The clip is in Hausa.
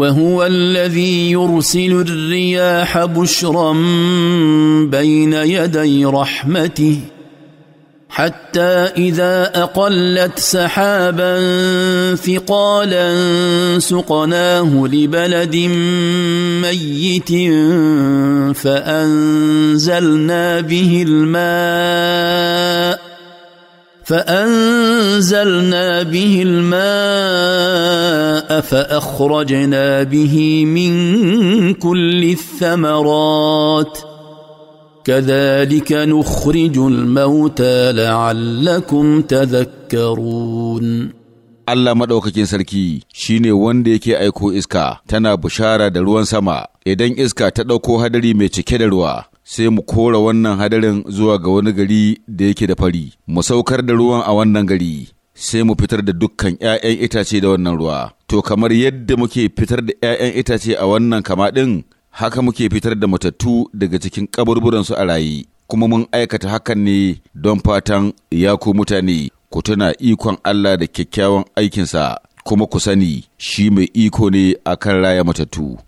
وهو الذي يرسل الرياح بشرا بين يدي رحمته حتى اذا اقلت سحابا ثقالا سقناه لبلد ميت فانزلنا به الماء فانزلنا به الماء فاخرجنا به من كل الثمرات كذلك نخرج الموتى لعلكم تذكرون Allah maɗaukakin sarki shi ne wanda yake aiko iska tana bushara da ruwan sama, idan iska ta ɗauko hadari mai cike da ruwa, sai mu kora wannan hadarin zuwa ga wani gari da yake da fari, mu saukar da ruwan a wannan gari, sai mu fitar da dukkan ‘ya'yan itace da wannan ruwa. To, kamar yadda muke fitar da ‘ya'yan itace a wannan kama ɗin, haka muke fitar da matattu daga cikin kaburburansu a rayi, kuma mun aikata hakan ne don fatan ya ku mutane, ku tuna ikon Allah da kyakkyawan aikinsa, kuma ku sani shi mai iko ne akan raya matattu.